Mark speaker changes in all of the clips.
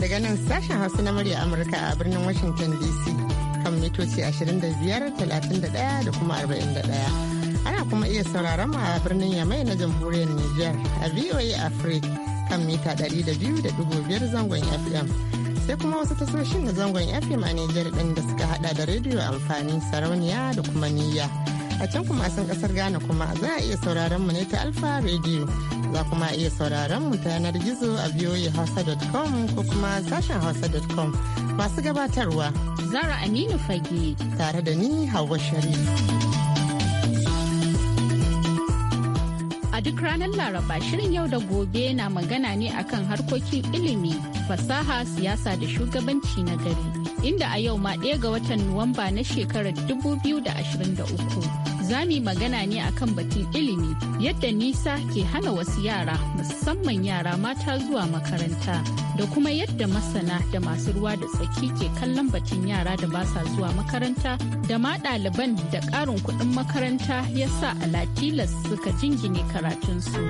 Speaker 1: daga nan sashen hausa na murya amurka a birnin washington dc kan mitoci 25 da kuma 41 ana kuma iya sauraron mu a birnin yamai na jamhuriyar niger a voa africa kan mita 200.5 zangon fm sai kuma wasu tasoshin da zangon fm a niger din da suka hada da rediyo amfani sarauniya da kuma niyya a can kuma a san kasar ghana kuma za a iya sauraron mu ne ta alfa rediyo za kuma iya sauraron mu ta yanar gizo a hausa.com ko kuma sashen hausa.com masu
Speaker 2: gabatarwa zara aminu fage tare da ni hawa sharif a duk ranar laraba shirin yau da gobe na magana ne akan harkokin ilimi fasaha siyasa da shugabanci na gari inda a yau ma ɗaya ga watan nuwamba na shekarar 2023 za mu yi magana ne akan batun ilimi yadda nisa ke hana wasu yara musamman yara mata zuwa makaranta da kuma yadda masana da masu ruwa da tsaki ke kallon batun yara da ba sa zuwa makaranta da ma ɗaliban da ƙarin kuɗin makaranta ya sa alatilas suka jingine karatunsu.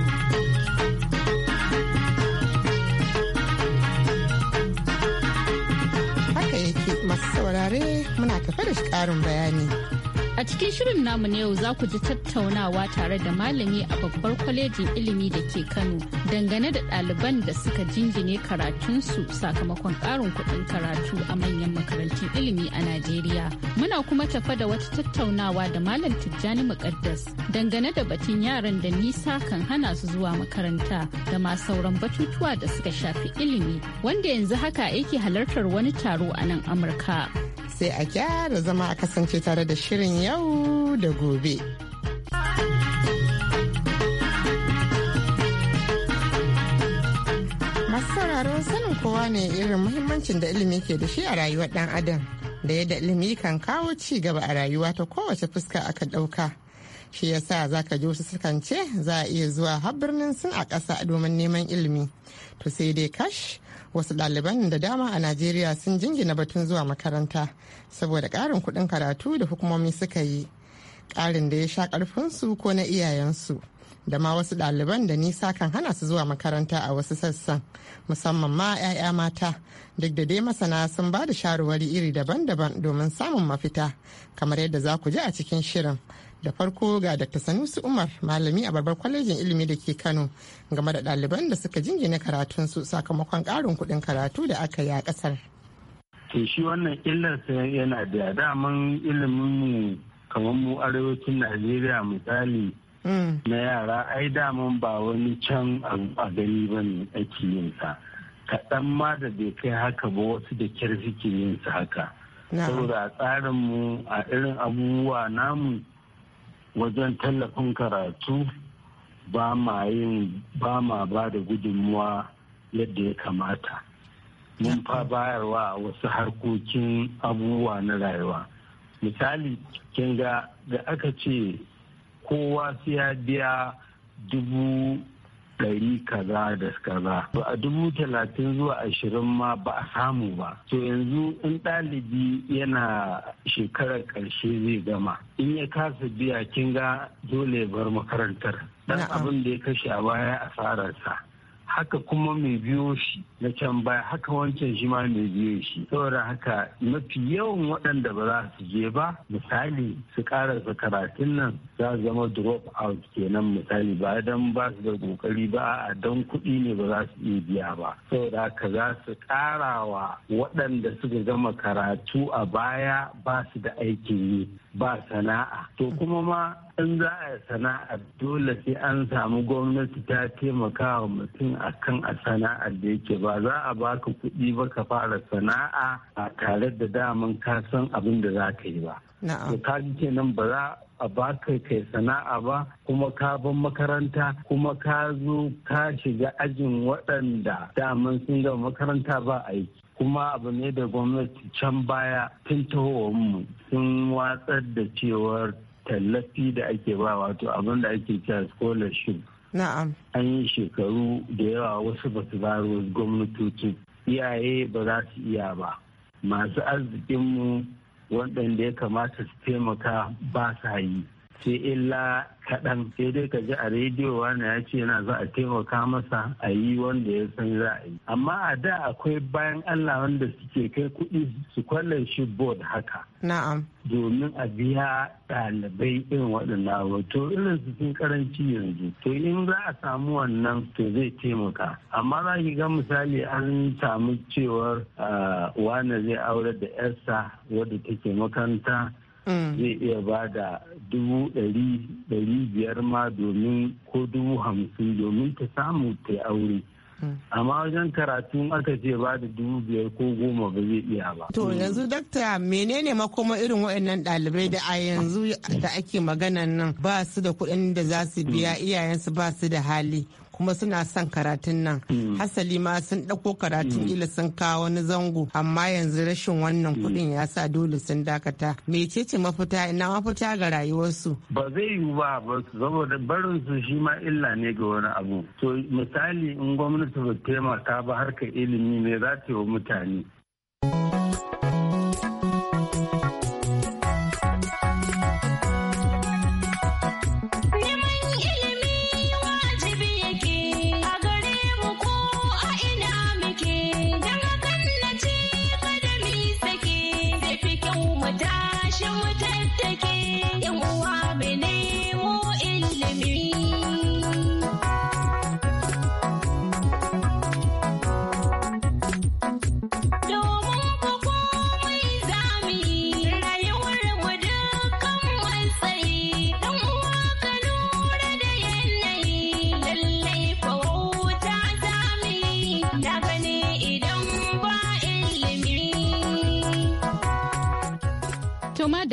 Speaker 2: Haka yake masu saurare muna tafe da ƙarin bayani. A cikin shirin namu na yau za ku ji tattaunawa tare da malami a babbar kwalejin ilimi da ke Kano dangane da ɗaliban da suka jinjine karatunsu sakamakon ƙarin kuɗin karatu a manyan makarantun ilimi a Najeriya. Muna kuma tafa da wata tattaunawa da malam Tijjani Muƙaddas dangane da batun yaran da nisa kan hana su zuwa makaranta da ma sauran batutuwa da suka shafi ilimi wanda yanzu haka yake halartar wani taro a nan Amurka.
Speaker 1: Sai a gyara zama a kasance tare da shirin yau da gobe. Masu sauraro sanin kowa ne irin muhimmancin da ilimi ke da shi a rayuwar dan adam da yadda ilimi kan kawo ci gaba a rayuwa ta kowace fuska aka dauka Shi yasa za ka ji wasu ce za a iya zuwa har birnin sun a ƙasa domin neman ilimi. To sai dai kash wasu ɗaliban da dama a najeriya sun jingina batun zuwa makaranta saboda ƙarin kuɗin karatu da hukumomi suka yi ƙarin da ya sha ƙarfinsu ko na iyayensu da ma wasu ɗaliban da nisa kan hana su zuwa makaranta a wasu sassan musamman ma 'ya'ya mata duk da dai masana sun ba da shawarwari iri daban-daban domin samun mafita kamar yadda za ku ji a cikin shirin da farko ga dr sanusi umar malami a babbar kwalejin ilimi da ke kano game da ɗaliban da suka jingina karatunsu sakamakon ƙarin kuɗin karatu da aka yi a ƙasar
Speaker 3: ke shi wannan illarsa yana da daman ilimin mu kamar mu arewacin najeriya misali mm. na yara ai daman ba wani can a gani ba ne ake yin sa kaɗan ma da bai kai haka ba wasu da kyar suke yin sa haka saboda a tsarin mu a irin abubuwa namu wajen tallafin karatu ba ma yin ba ma ba da gudunmuwa yadda ya kamata mun fa bayarwa wasu harkokin abubuwa na rayuwa misali kinga da aka ce kowa su ya biya dubu ɗari kaza da kaza to a dubu talatin zuwa ashirin ma ba a samu ba to yanzu in ɗalibi yana shekarar ƙarshe zai gama in ya kasa biya kin ga dole bar makarantar dan abin da ya kashe a baya asararsa haka kuma mai biyo shi na can baya haka wancan shi ma mai biye shi saboda haka mafi yawan waɗanda ba za su je ba misali su karasa karatun nan za su zama drop out kenan misali ba don ba su da kokari ba a don kuɗi ne ba za su iya biya ba saboda haka za su karawa waɗanda suka gama karatu a baya ba su da aikin yi ba sana'a to kuma ma in za a sana'a dole sai an samu gwamnati ta taimaka wa mutum akan a sana'ar da yake ba ba za a baka kuɗi ba ka fara sana'a a tare da daman ka san abin da za ka yi ba. To ka kenan ba za a baka kai sana'a ba kuma ka ban makaranta kuma ka zo ka shiga ajin waɗanda daman sun gama makaranta ba aiki. kuma abu ne da gwamnati can baya tun mu sun watsar da cewar tallafi da ake ba wato abin da ake cewa scholarship Na'am. An yi shekaru da yawa wasu ba su baro gwamnatocin iyaye ba za su iya ba. Masu arzikinmu waɗanda ya kamata su taimaka ba su yi. ce illa kaɗan sai dai ka ji a rediyo wani ya ce yana za a taimaka masa a yi wanda ya san za a yi amma a da akwai bayan allah wanda suke kai kuɗi su kwallon shi board haka na'am domin a biya ɗalibai irin waɗannan wato irin su sun karanci yanzu to in za a samu wannan to zai taimaka amma za ki ga misali an samu cewar ah, wani zai aure da yarsa wadda take makaranta Mm. zai iya ba da dubu ɗari biyar ma domin ko dubu hamsin domin ta samu ta aure mm. amma wajen karatu aka ce ba da dubu biyar ko goma ba zai iya ba. To yanzu
Speaker 1: dakta menene makoma irin waɗannan ɗalibai da a yanzu da ake maganan nan ba su da kuɗin da za su biya mm. iyayensu ba su da hali kuma suna son karatun nan hmm. hasali ma sun ɗauko karatun hmm. ila sun kawo wani zango amma yanzu rashin wannan hmm. kuɗin ya sa dole sun dakata mecece mafita ina mafita ga rayuwarsu
Speaker 3: ba zai yiwu ba saboda barin su shi ma illa ne ga wani abu to misali in gwamnati ba taimaka ba harkar ilimi ne za ta yi wa mutane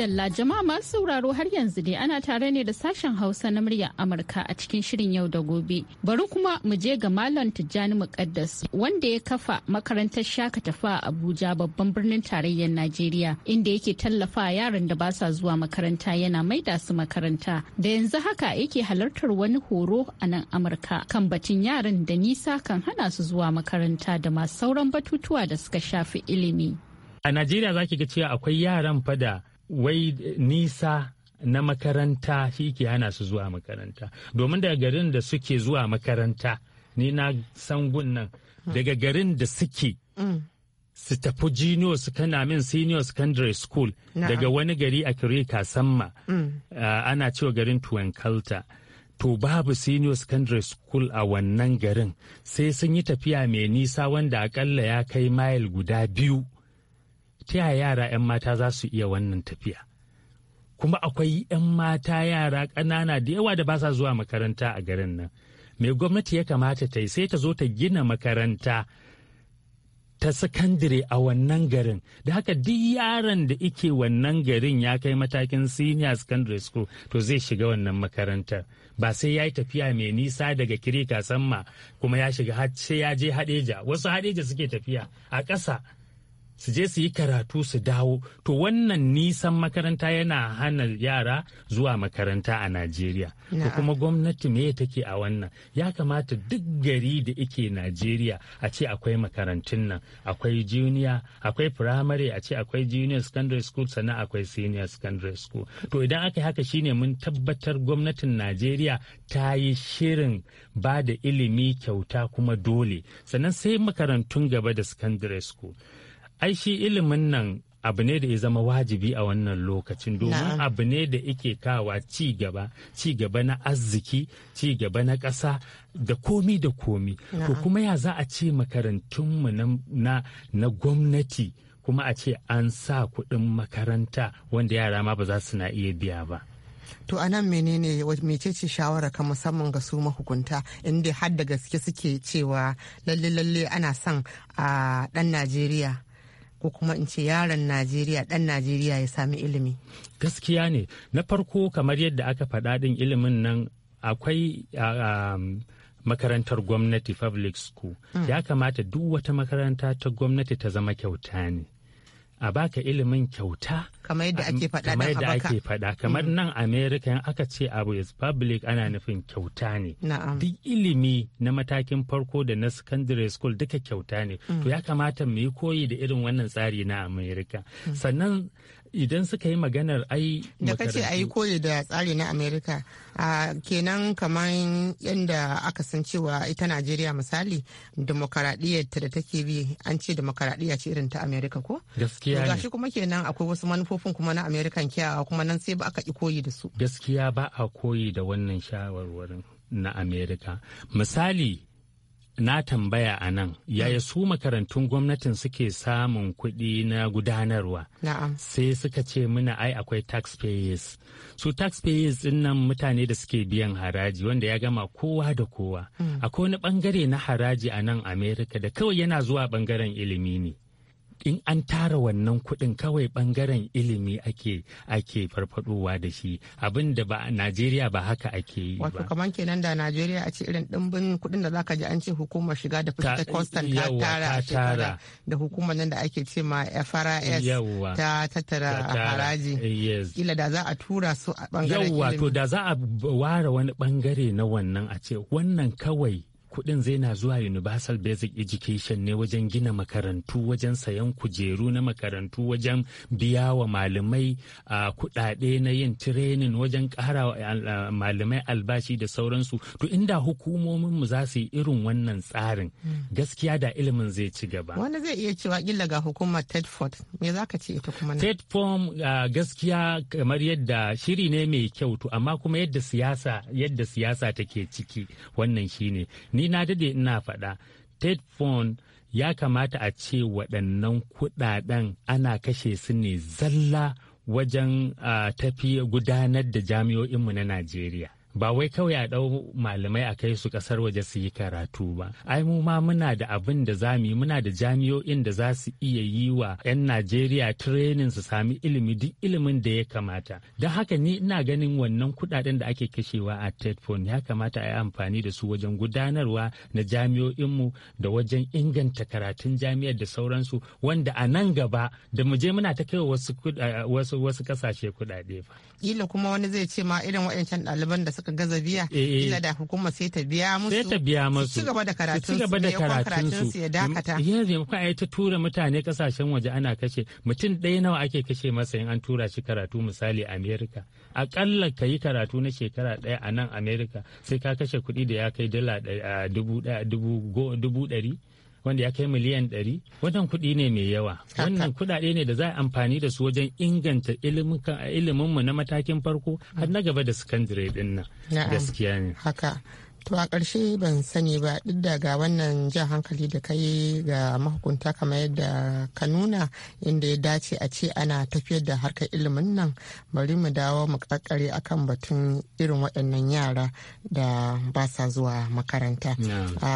Speaker 2: Madalla jama'a masu sauraro har yanzu ne. ana tare ne da sashen Hausa na muryar Amurka a cikin shirin yau da gobe. Bari kuma mu je ga Malam Tijjani Muqaddas wanda ya kafa makarantar shakatafa a Abuja babban birnin tarayyar Najeriya inda yake tallafa yaran da ba sa zuwa makaranta yana mai da su makaranta. Da yanzu haka yake halartar wani horo a nan Amurka kan batun yaran da nisa kan hana su zuwa makaranta da masu sauran batutuwa da suka shafi ilimi.
Speaker 4: a najeriya zaki ga cewa akwai yaran fada wai nisa na makaranta shi ke hana su zuwa makaranta domin daga garin da suke zuwa makaranta ni na san nan daga garin da suke mm. su tafi junior su kana min senior secondary school daga wani gari a kire kasamma mm. uh, ana cewa garin tuwankalta to babu senior secondary school a wannan garin sai sun yi tafiya mai nisa wanda akalla ya kai mile guda biyu ta yaya yara 'yan mata za su iya wannan tafiya kuma akwai 'yan mata yara ƙanana da yawa da ba sa zuwa makaranta a garin nan mai gwamnati ya kamata ta yi sai ta zo ta gina makaranta ta sakandare a wannan garin da haka duk yaron da ike wannan garin ya kai matakin senior secondary school to zai shiga wannan makarantar ba sai ya yi tafiya mai nisa daga kirika samma kuma ya shiga har sai ya je haɗeja wasu haɗeja suke tafiya a ƙasa su je su yi karatu su dawo to wannan nisan makaranta yana hana yara zuwa makaranta a najeriya ko kuma gwamnati me take a wannan ya kamata duk gari da ike najeriya a ce akwai makarantun nan akwai junior akwai primary a ce akwai junior secondary school sannan akwai senior secondary school to idan aka haka shine mun tabbatar gwamnatin najeriya ta yi shirin ba da ilimi kyauta kuma dole sannan sai makarantun gaba da secondary school ai shi ilimin nan abu ne da ya zama wajibi a wannan lokacin domin abu ne da yake kawa ci gaba ci gaba na arziki ci gaba na ƙasa da komi da komi to kuma ya za a ce makarantunmu na, gwamnati kuma a ce an sa
Speaker 1: kuɗin makaranta wanda
Speaker 4: yara ma ba za su na iya biya ba
Speaker 1: to anan menene ce shawara ka musamman ga su mahukunta inda har da gaske suke cewa lalle lalle ana son a ah, ɗan najeriya ko kuma in ce yaron najeriya dan najeriya ya sami ilimi
Speaker 4: gaskiya ne na farko kamar yadda aka faɗa ɗin ilimin nan akwai makarantar gwamnati public school mm. ya kamata duk wata makaranta ta gwamnati ta zama kyauta ne a baka ilimin kyauta
Speaker 1: kamar yadda ake
Speaker 4: faɗa kamar mm. nan america in aka ce abu is public ana nufin kyauta ne duk ilimi na matakin farko da na secondary school duka kyauta ne to mm. ya kamata mu yi koyi da irin wannan tsari na america mm. sannan idan suka yi maganar ai da kace ayi
Speaker 1: koyi da tsari na amerika kenan kamar yadda aka san cewa ita najeriya misali demokaradiyyar ta da take bi an ce demokaradiyya ce irin ta amerika ko
Speaker 4: gaskiya ne gashi
Speaker 1: kuma kenan akwai wasu manufofi manufofin kuma na american kiyawa kuma nan sai ba aka yi koyi da su
Speaker 4: gaskiya ba a koyi da wannan shawarwarin na amerika misali na tambaya a nan yaya su makarantun gwamnatin suke samun kuɗi na gudanarwa sai suka ce muna ai akwai taxpayers su taxpayers din nan mutane da suke biyan haraji wanda ya gama kowa da kowa mm. akwai wani bangare na haraji a nan amerika da kawai yana zuwa bangaren ilimi ne in an tara wannan kuɗin kawai ɓangaren ilimi ake ake farfadowa da shi abin da ba Najeriya ba haka ake yi ba. Wato
Speaker 1: kamar kenan da Najeriya a ce irin ɗimbin kuɗin da zaka ji an ce hukumar shiga da fita constant ta tara a tara da hukumar nan da ake ce ma FRS ta tattara haraji. Kila da za a tura su a ɓangaren ilimi. Yawwa to da
Speaker 4: za a ware wani ɓangare na wannan a ce wannan kawai kuɗin zai na zuwa universal basic education ne wajen gina makarantu wajen sayan kujeru na makarantu wajen biya wa malamai kuɗaɗe na yin training wajen kara wa malamai albashi da sauransu to inda hukumominmu za su yi irin wannan tsarin hmm. gaskiya da ilimin zai ci gaba
Speaker 1: wanda zai iya cewa kila ga hukumar tedford me za ka ce ita kuma
Speaker 4: tedform gaskiya kamar yadda shiri ne mai kyau to amma kuma yadda siyasa yadda siyasa take ciki wannan shine ni ina na dade ina faɗa ted phone ya kamata a ce waɗannan kuɗaɗen ana kashe su ne zalla wajen ah, tafi gudanar da jami'o'inmu na najeriya ba wai kawai a ɗau malamai a kai su ƙasar waje su yi karatu ba ai mu ma muna da abin da za mu yi muna da jami'o'in da za su iya yi wa 'yan najeriya training su sami ilimi duk ilimin da ya kamata don haka ni ina ganin wannan kuɗaɗen da ake kashewa a tetfon ya kamata a yi amfani da su wajen gudanarwa na jami'o'inmu da wajen inganta karatun jami'ar da sauransu wanda a nan gaba da mu je muna ta kai wasu kasashe kuɗaɗe ba.
Speaker 1: Kila kuma wani zai ce ma irin waɗancan ɗaliban da suka suka gaza biya eh, eh. illa da hukuma sai ta biya musu sai ta biya musu ci gaba da karatun su gaba da karatun su ya dakata
Speaker 4: yanzu maimakon ai ta tura mutane kasashen waje ana kashe mutum ɗaya nawa ake kashe masa in an tura shi karatu misali America akalla ka yi karatu na shekara ɗaya a nan America sai ka kashe kuɗi da ya kai dala dubu ɗari wanda ya kai miliyan ɗari wannan kuɗi ne mai yawa wannan kuɗaɗe ne da za a amfani da su wajen inganta ilimin mu na matakin farko har na gaba da sakandare ɗin nan gaskiya ne
Speaker 1: to a ƙarshe ban sani ba duk da ga wannan jan hankali da ka yi ga mahukunta kamar yadda ka nuna inda ya dace a ce ana tafiyar da harkar ilimin nan bari mu dawo mu kakare akan batun irin waɗannan yara da ba sa zuwa makaranta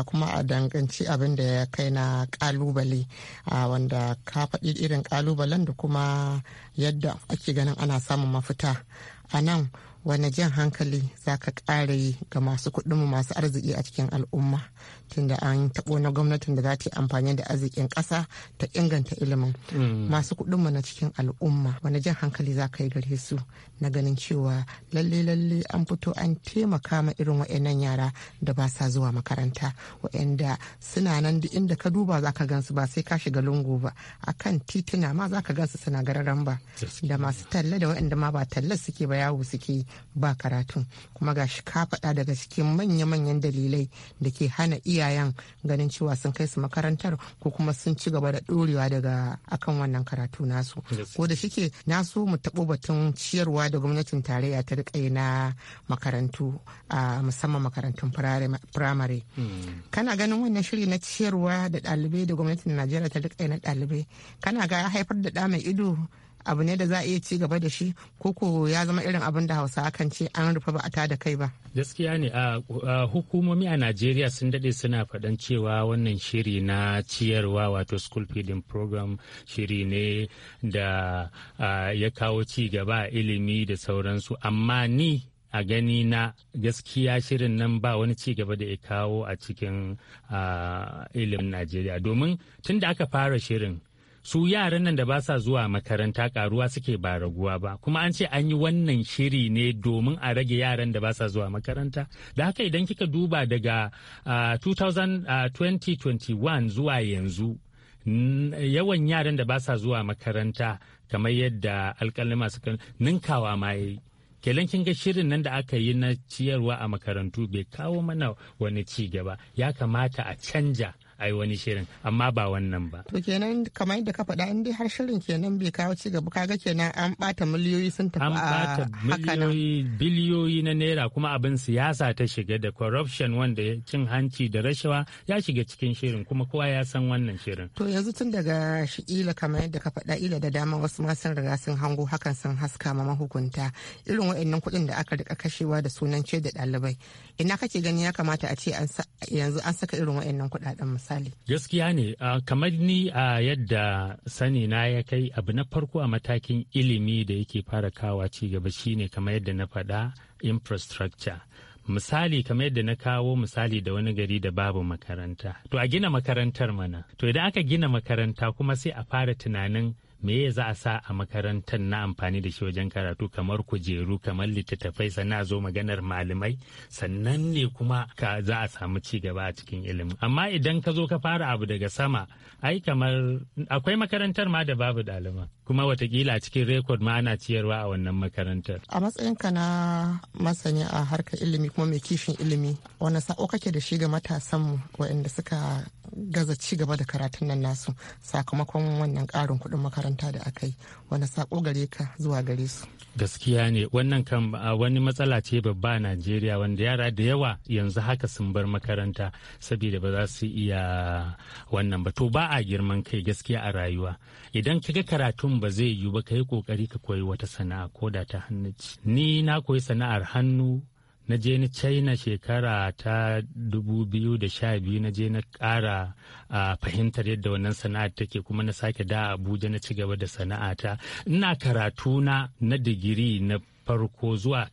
Speaker 1: kuma a danganci abin da ya kai na ƙalubale wanda ka faɗi irin ƙalubalen da kuma yadda ake ganin ana samun mafita a nan wani jan hankali za ka ƙara ga masu kuɗinmu masu arziki a cikin al'umma tunda an taɓo na gwamnatin da za ta yi amfani da arzikin ƙasa ta inganta ilimin hmm. masu kuɗinmu na cikin al'umma wani jan hankali za ka yi gare su na ganin cewa lalle lalle an fito an taimaka ma irin wa'annan yara da ba sa zuwa makaranta wa'anda suna nan duk inda ka duba za ka gansu ba sai ka shiga lungu ba a kan tituna ma za ka gansu suna gararan ba da masu talla da wa'anda ma ba talla suke ba yawo suke ba karatu kuma gashi ka faɗa daga cikin manya-manyan dalilai da ke hana iya iyayen ganin cewa sun kai su makarantar ko kuma sun ci gaba da ɗorewa daga akan wannan karatu nasu ko da shike na so mu taɓo batun ciyarwa da gwamnatin tarayya ta riƙa na makarantu a musamman makarantun firamare hmm. kana ganin wannan shiri na ciyarwa da ɗalibai da gwamnatin najeriya ta rika na ɗalibai kana ga haifar da ɗa mai ido abu ne da za a iya ci gaba da shi ko ya zama irin abin da hausa akan ce an rufe ba a tada kai ba
Speaker 4: gaskiya ne a hukumomi a najeriya sun dade suna faɗan cewa wannan shiri na ciyarwa wato school feeding program shiri ne da ya kawo ci gaba ilimi da sauransu amma ni a gani na gaskiya shirin nan ba wani ci gaba da ya kawo a cikin ilimin najeriya domin tun da aka fara shirin su yaran nan da ba sa zuwa makaranta karuwa suke ba raguwa ba kuma an ce an yi wannan shiri ne domin a rage yaran da ba sa zuwa makaranta da haka idan kika duba daga uh, 2021 zuwa yanzu yawan yaran da ba sa zuwa makaranta kamar yadda alkalima suka ninkawa ma yayi kelan kin ga shirin nan da aka yi na ciyarwa a makarantu bai kawo mana wani ci gaba ya kamata a canja a yi wani shirin amma ba wannan ba.
Speaker 1: To kenan kamar yadda ka faɗa inda har shirin kenan bai kawo ci gaba kaga kenan an ɓata miliyoyi sun tafi a An ɓata
Speaker 4: miliyoyi biliyoyi na naira kuma abin siyasa ta shiga da corruption wanda cin hanci da rashawa ya shiga cikin shirin kuma kowa ya san wannan shirin.
Speaker 1: To yanzu tun daga shi ila kamar yadda ka faɗa ila da dama wasu ma sun riga sun hango hakan sun haska ma mahukunta irin waɗannan kuɗin da aka rika kashewa da sunan ce da ɗalibai ina kake ganin ya kamata a ce yanzu an saka irin waɗannan kuɗaɗen misali
Speaker 4: gaskiya ne kamar ni a yadda sani na ya kai abu na farko a matakin ilimi da yake fara kawa ci gaba shine kamar yadda na faɗa infrastructure misali kamar yadda na kawo misali da wani gari da babu makaranta to a gina makarantar mana to idan aka gina makaranta kuma sai a fara tunanin me za a sa a makarantar na amfani da shi wajen karatu kamar kujeru kamar littattafai sannan a zo maganar malamai sannan ne kuma ka za a samu ci gaba a cikin ilimin amma idan ka zo ka fara abu daga sama ai kamar akwai makarantar ma da babu ɗaliban kuma watakila a cikin rekod ma ana ciyarwa a wannan makarantar
Speaker 1: a matsayin ka na masani a harkar ilimi kuma mai kishin ilimi wani sa'o kake da shi ga matasanmu waɗanda suka gaza ci gaba da karatun nan nasu sakamakon wannan karin kuɗin makaranta da aka yi wani sako gare ka zuwa gare su
Speaker 4: gaskiya ne wannan kan wani matsala ce babba a najeriya wanda yara da yawa yanzu haka sun bar makaranta saboda ba za su iya wannan ba to ba a girman kai gaskiya a rayuwa idan ka ga karatun ba zai yiwu ba ka yi kokari ka koyi wata sana'a ko da ta hannu ni na koyi sana'ar hannu na je na china shekara ta 2012 na je na ƙara fahimtar yadda wannan sana'a take kuma na sake da abuja na ci gaba da sana'a ta ina karatu na na digiri na farko zuwa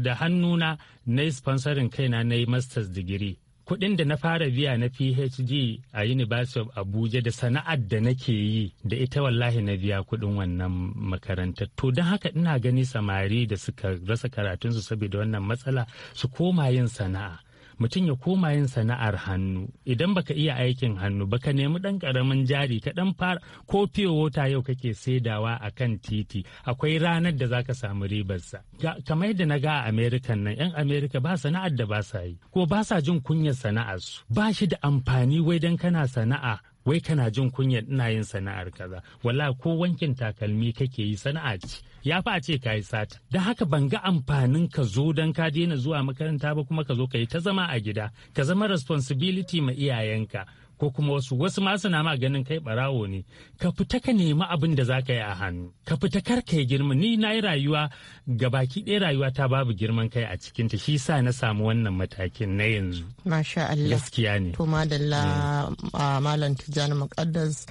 Speaker 4: da hannuna na yi sponsorin kaina na yi masters digiri kuɗin da na fara biya na phd a university of abuja da sana'ar da nake yi da ita wallahi na biya kuɗin wannan makarantar to don haka ina gani samari da suka rasa karatunsu saboda wannan matsala su koma yin sana'a mutum ya koma yin sana'ar hannu idan baka iya aikin hannu baka nemi dan karamin jari ka dan fara ko fiye wota yau kake saidawa a kan titi akwai ranar da zaka samu ribarsa kamar yadda na ga a america nan yan america ba sana'ar da ba sa yi ko ba sa jin kunyar sana'ar su ba shi da amfani wai dan kana sana'a wai kana jin kunyar ina yin sana'ar kaza wala ko wankin takalmi kake yi sana'a ce ya fa a ce ka yi sata da haka ban ga amfanin ka zo don ka daina zuwa makaranta ba kuma ka zo ka yi ta zama a gida ka zama responsibility ma iyayenka ko kuma wasu wasu ma suna ma ganin kai barawo ne ka fita ka nemi abin da za ka yi a hannu ka fita kar ka yi girma ni na yi rayuwa ga baki ɗaya rayuwa ta babu girman kai a cikin ta shi sa na samu wannan matakin na yanzu
Speaker 1: masha Allah
Speaker 4: gaskiya ne to
Speaker 1: madalla eh. malam Tijjani Muqaddas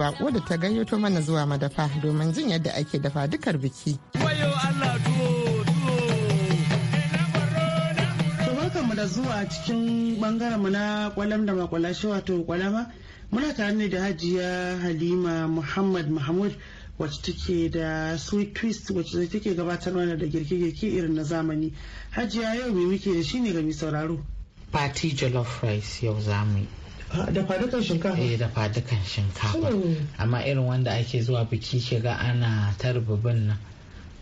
Speaker 1: bako da ta gayyato mana zuwa madafa domin jin yadda ake dafa dukar biki.
Speaker 3: mu da zuwa cikin bangaren mu na kwalam da makwalashi wato kwalama muna tare ne da hajiya halima muhammad mahmud wacce take da sweet twist wacce take gabatarwa da girke-girke irin na zamani hajiya yau me muke da shi ne ga mai sauraro
Speaker 5: party jollof rice yau zamu yi
Speaker 3: da dukan
Speaker 5: shinkafa eh dafa dukan shinkafa hmm. amma irin wanda ake zuwa biki shiga ana tarbibin nan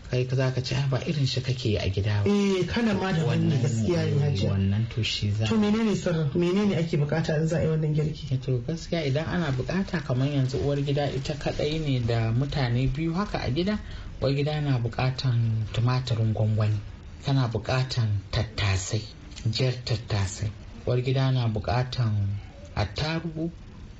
Speaker 5: kai ka zaka ah, ci ba irin shi kake a gida ba eh
Speaker 1: kana ma da wannan gaskiya ne haji eh,
Speaker 5: wannan to shi za to
Speaker 1: menene sirrin menene ake bukata in za a yi wannan girki eh, to
Speaker 5: gaskiya idan ana bukata kamar yanzu uwar gida ita kadai ne da mutane biyu haka a gida uwar gida na bukatan tumatirin gwangwani Kana bukatan tattasai jar tattasai uwar gida na bukatan attarugu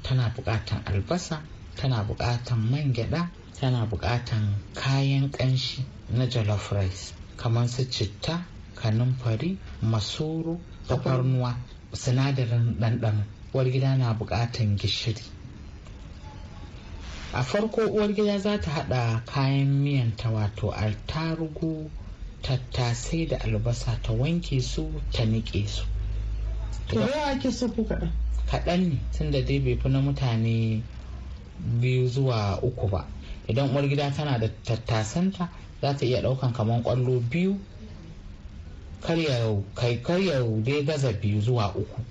Speaker 5: tana buƙatan albasa tana buƙatan man gyaɗa tana buƙatan kayan ƙanshi na jollof rice kamar su citta kanumfari masoro tafarnuwa sinadarin ɗanɗano uwar gida na buƙatan gishiri a farko uwar gida za ta haɗa kayan miyanta wato altarugu tattasai da albasa ta wanke su ta niƙe su. Ta yawa ake so kaɗan? kaɗan ne tunda dai bai fi na mutane biyu zuwa uku ba idan uwar gida tana da tattasanta za ta iya ɗaukan kamar ƙwallo biyu karyau dai gaza biyu zuwa uku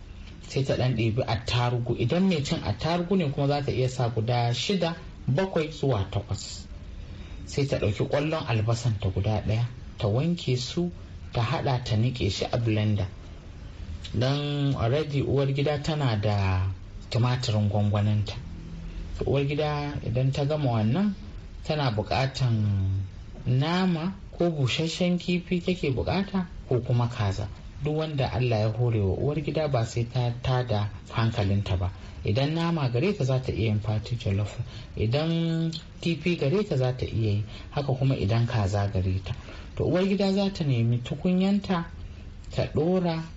Speaker 5: sai ta ɗan ɗebi attarugu idan mai cin attarugu ne kuma za ta iya sa guda shida bakwai zuwa takwas sai ta ɗauki ƙwallon albasan ta guda ɗaya ta wanke su ta haɗa ta niƙe shi a blender don already uwar gida tana da tumatirin gwangwaninta uwar gida idan ta gama wannan tana bukatan nama ko busasshen kifi take bukata ko kuma kaza duk wanda allah ya hore wa uwar gida ba sai ta tada hankalinta ba idan nama gare ka za ta iya yin fati jollof idan kifi gare ka za ta iya yi haka kuma idan kaza gare ta to uwar gida za ta nemi tukunyanta ta ɗora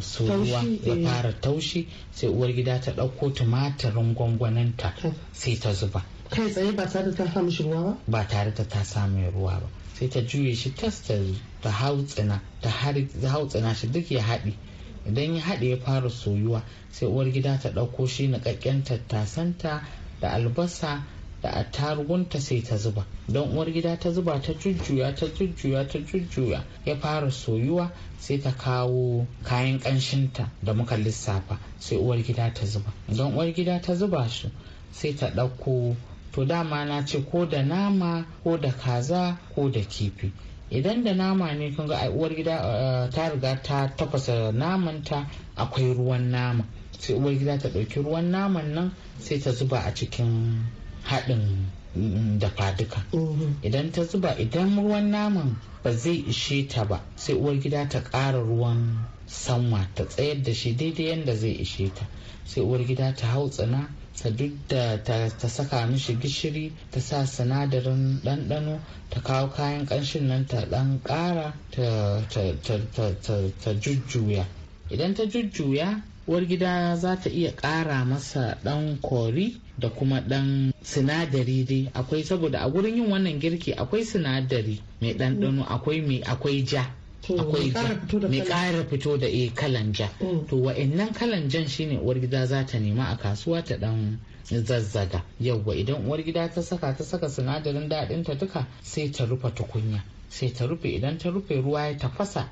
Speaker 5: so ruwa ya eh. fara taushi sai uwar gida ta ɗauko tumatirin gwangwaninta sai ta zuba kai tsaye ba tare ta samu ruwa ba ba tare da ta samu ruwa ba sai ta juye shi tas ta hautsina ta hautsina shi duk ya haɗi idan ya haɗe ya fara soyuwa sai uwar gida ta ɗauko shi niƙaƙƙen tattasanta da albasa da a targunta sai ta zuba don uwar gida ta zuba ta jujjuya ta jujjuya ta jujjuya ya fara soyuwa sai ta kawo kayan kanshinta da muka lissafa sai uwar gida ta zuba don uwar gida ta zuba su sai ta ɗauko to dama na ce ko da nama ko da kaza ko da kifi idan da nama ne kun ga uwar gida eh, ta riga ta tafasa namanta akwai ruwan nama sai uwar gida ta ɗauki ruwan naman nan sai ta zuba a cikin haɗin dafa mm, duka mm-hmm. idan ta zuba idan ruwan naman ba zai ishe ta ba sai uwar gida ta ƙara ruwan sanwa ta tsayar da shi daidai yadda zai ishe ta sai uwar gida ta hau tsana ta duk da ta saka mishi gishiri ta sa sinadarin ɗanɗano ta kawo kayan ƙanshin nan ta ɗan ƙara ta jujjuya idan ta jujjuya uwar gida za ta iya ƙara masa ɗan kori da kuma ɗan sinadari dai akwai saboda a gurin yin wannan girki akwai sinadari mai ɗanɗano akwai mai akwai ja akwai mai ƙara fito da e kalan ja mm. to wa'annan kalan jan shine uwar gida za ta nema a kasuwa ta ɗan zazzaga yawwa idan uwar gida ta saka ta saka sinadarin daɗin ta duka sai ta rufe tukunya sai ta rufe idan ta rufe ruwa ya tafasa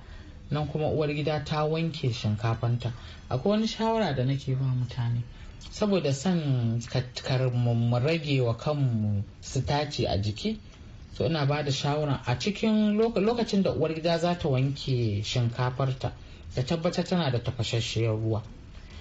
Speaker 5: nan kuma uwar gida ta wanke shinkafanta akwai wani shawara da nake ba mutane saboda son mu rage wa kanmu sitaci a jiki so ina ba da shawara a cikin lokacin da uwar gida za ta wanke shinkafarta ta tabbatar tana da tafashasshiyar ruwa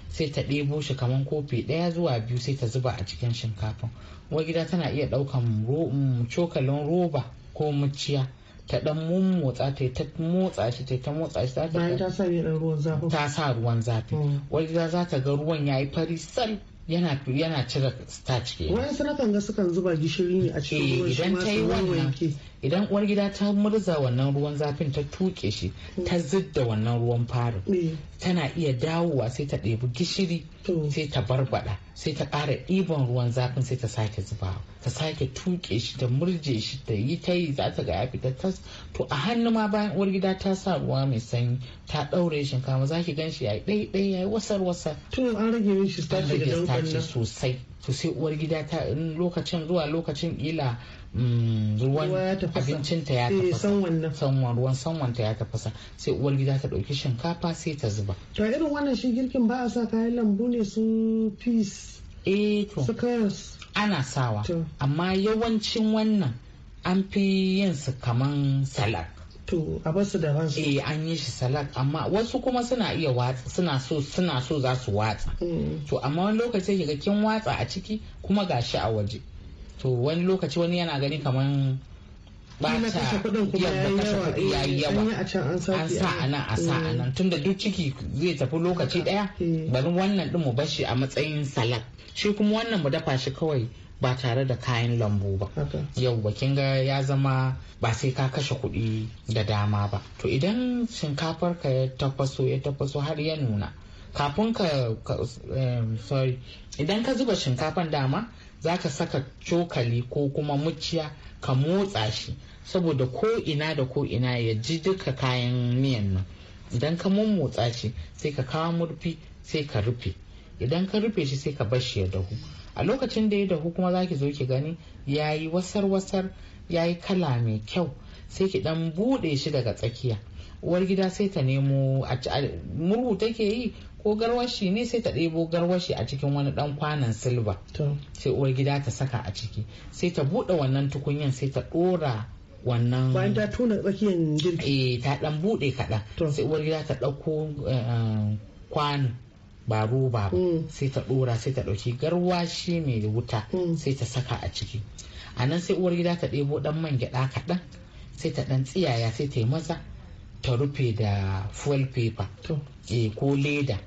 Speaker 5: sai ta ɗebo shi kamar kofi ɗaya zuwa biyu sai ta zuba a cikin shinkafin uwar gida tana iya ɗaukan mm, cokalin roba ko muciya ta dan mummotsa ta ta motsa shi ta ta motsa shi ta ta sa ruwan zafi ta sa ruwan zafi hmm. wanda za ta ga ruwan yayi fari sal yana yana cire starch ke wani
Speaker 4: sanakan ga sukan zuba gishiri ne a cikin eh, ruwan shi ma su wanke
Speaker 5: idan uwar gida ta murza wannan ruwan zafin ta tuke shi ta zidda wannan ruwan farin mm. tana iya dawowa sai ta ɗebi gishiri sai ta barbada sai ta ƙara ɗiban ruwan zafin sai ta sake zubawa ta sake tuke shi ta murje shi ta yi ta yi za ta ga ya fita tas to a hannu ma bayan uwar gida ta sa ruwa mai sanyi ta ɗaure shinkafa za ki gan shi ya yi ɗaiɗai ya yi wasar wasar. tun an rage mishi sosai to sai uwar gida ta lokacin zuwa lokacin ila mm, ruwan abincinta ya eh, tafasa sanwan ruwan sanwanta ya tafasa sai uwar gida ta ɗauki shinkafa sai ta zuba to irin wannan shi girkin ba a sa kayan lambu ne su peas eh to ana sawa amma yawancin wannan an fi yin su kaman salad to a basu da ransu eh an yi shi salak amma wasu kuma suna iya watsa suna so suna so za su watsa mm. to amma wani lokaci ga kin watsa a ciki kuma gashi a waje to wani lokaci wani yana gani kaman bata ya eh, yi yawa an sa a nan a sa a nan mm. tunda duk ciki zai tafi lokaci daya mm. bari wannan din mu bashi a matsayin salak shi kuma wannan mu dafa shi kawai ba tare da kayan lambu ba yau kin ga ya zama ba sai ka kashe kuɗi da dama ba to idan shinkafar ka ya tafaso ya tafaso har ya nuna kafin ka sorry idan ka zuba shinkafar dama za ka saka cokali ko kuma muciya ka motsa shi saboda ko ina da ko ina ya ji duka kayan miyan nan idan ka mummotsa shi sai ka kawo murfi sai ka rufe idan ka rufe shi sai ka bar shi ya dahu a lokacin da ya dahu kuma za ki zo ki gani ya yi wasar-wasar ya yi kala mai kyau sai ki dan buɗe shi daga tsakiya uwar gida sai ta nemo murhu take yi ko garwashi ne sai ta ɗebo garwashi a cikin wani ɗan kwanan silba sai uwar gida ta saka a ciki sai ta buɗe wannan tukunyan sai ta ɗora wannan bayan ta tuna tsakiyan girki eh ta ɗan buɗe kaɗan sai uwar gida ta ɗauko eh, kwano ba roba ba mm. sai ta dora sai ta dauki garwashi mai wuta mm. sai ta saka a ciki a nan sai uwar gida ta ɗebo ɗan man gyaɗa kaɗan sai ta ɗan tsiyaya sai ta yi maza ta rufe da fuel paper eh, ko leda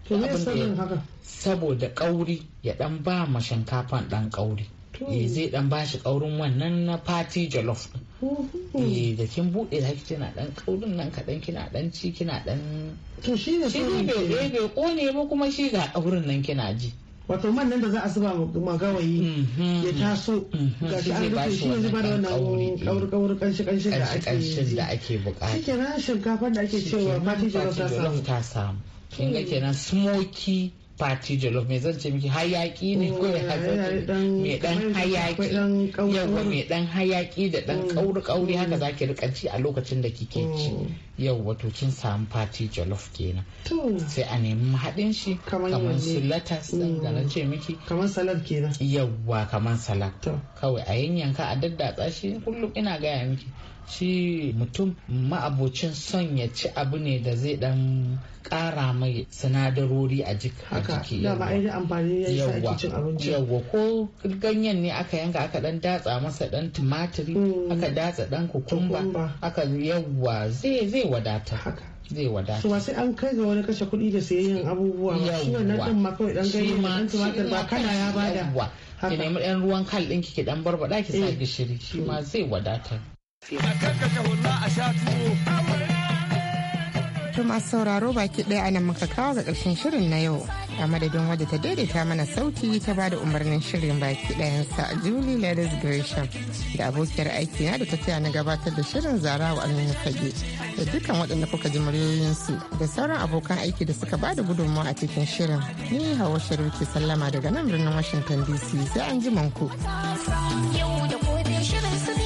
Speaker 5: saboda kauri ya ɗan ba ma shinkafan ɗan kauri Eh, zai dan bashi kaurin wannan na party jollof din eh, da kin bude zaki na dan kaurin nan kadan kina dan ci kina dan to shi ne shi bai bai kone ba kuma shi ga kaurin nan kina ji
Speaker 1: wato man nan da za a zuba magawayi
Speaker 5: mhm. ya taso mhm. ga shi an rufe shi yanzu zuba da wannan kauri kauri kanshi kanshi da ake da ake bukata shi kenan shinkafa da ake cewa party jollof ta samu kin ga kenan smoky fati jolof mai zan ce miki hayaki ne oh, ko ya mai dan hayaki yau mai dan hayaki da dan mm. kauri kauri mm. haka zaki rika ci a lokacin da kike mm. ci yau wato kin samu fati jollof kenan sai a nemi haɗin shi kamar su latas ce miki kamar salad kenan yawa kamar salad kawai a yanyanka a daddatsa shi kullum ina gaya miki shi mutum ma'abocin son ya ci abu ne da zai dan ƙara mai sinadarori a jiki amfani abinci yawwa ko ganyen ne aka yanka aka dan datsa masa dan tumatiri mm. aka datsa dan kukumba aka yawwa zai zai wadata haka zai wadata. To sai an kai ga wani kashe kuɗi da sayayyan abubuwa ba shi wannan ɗin ma kawai ɗan ganyen da ɗan tumatir ba kana ya bada. Ki nemi ɗan ruwan kal ɗin ki ɗan barbaɗa ki sa eh. gishiri shi ma mm. zai wadata.
Speaker 3: A a
Speaker 1: To masu sauraro baki ɗaya a nan muka kawo ga ƙarshen shirin na yau. A madadin wadda ta daidaita mana sauti ta ba da umarnin shirin baki ɗayansa Julie Ladies Gresham da abokiyar aiki na da ta taya na gabatar da shirin zara wa Aminu Fage da dukkan waɗanda kuka ji muryoyinsu da sauran abokan aiki da suka ba da gudunmawa a cikin shirin. Ni Hawa Sharif ke sallama daga nan birnin Washington DC sai an ji manku.
Speaker 2: Yau da shirin